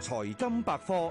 財金百科。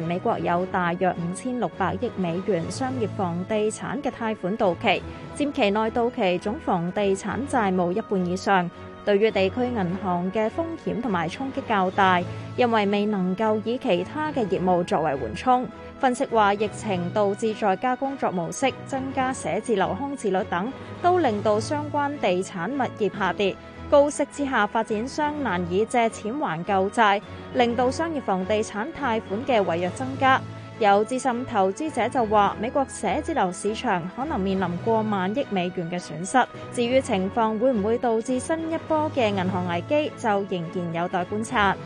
美國有大約五千六百億美元商業房地產嘅貸款到期，佔期內到期總房地產債務一半以上。對於地區銀行嘅風險同埋衝擊較大，因為未能夠以其他嘅業務作為緩衝。分析話疫情導致在家工作模式、增加寫字樓空置率等，都令到相關地產物業下跌。高息之下，發展商難以借錢還舊債，令到商業房地產貸款嘅違約增加。有資深投資者就話，美國寫字樓市場可能面臨過萬億美元嘅損失。至於情況會唔會導致新一波嘅銀行危機，就仍然有待觀察。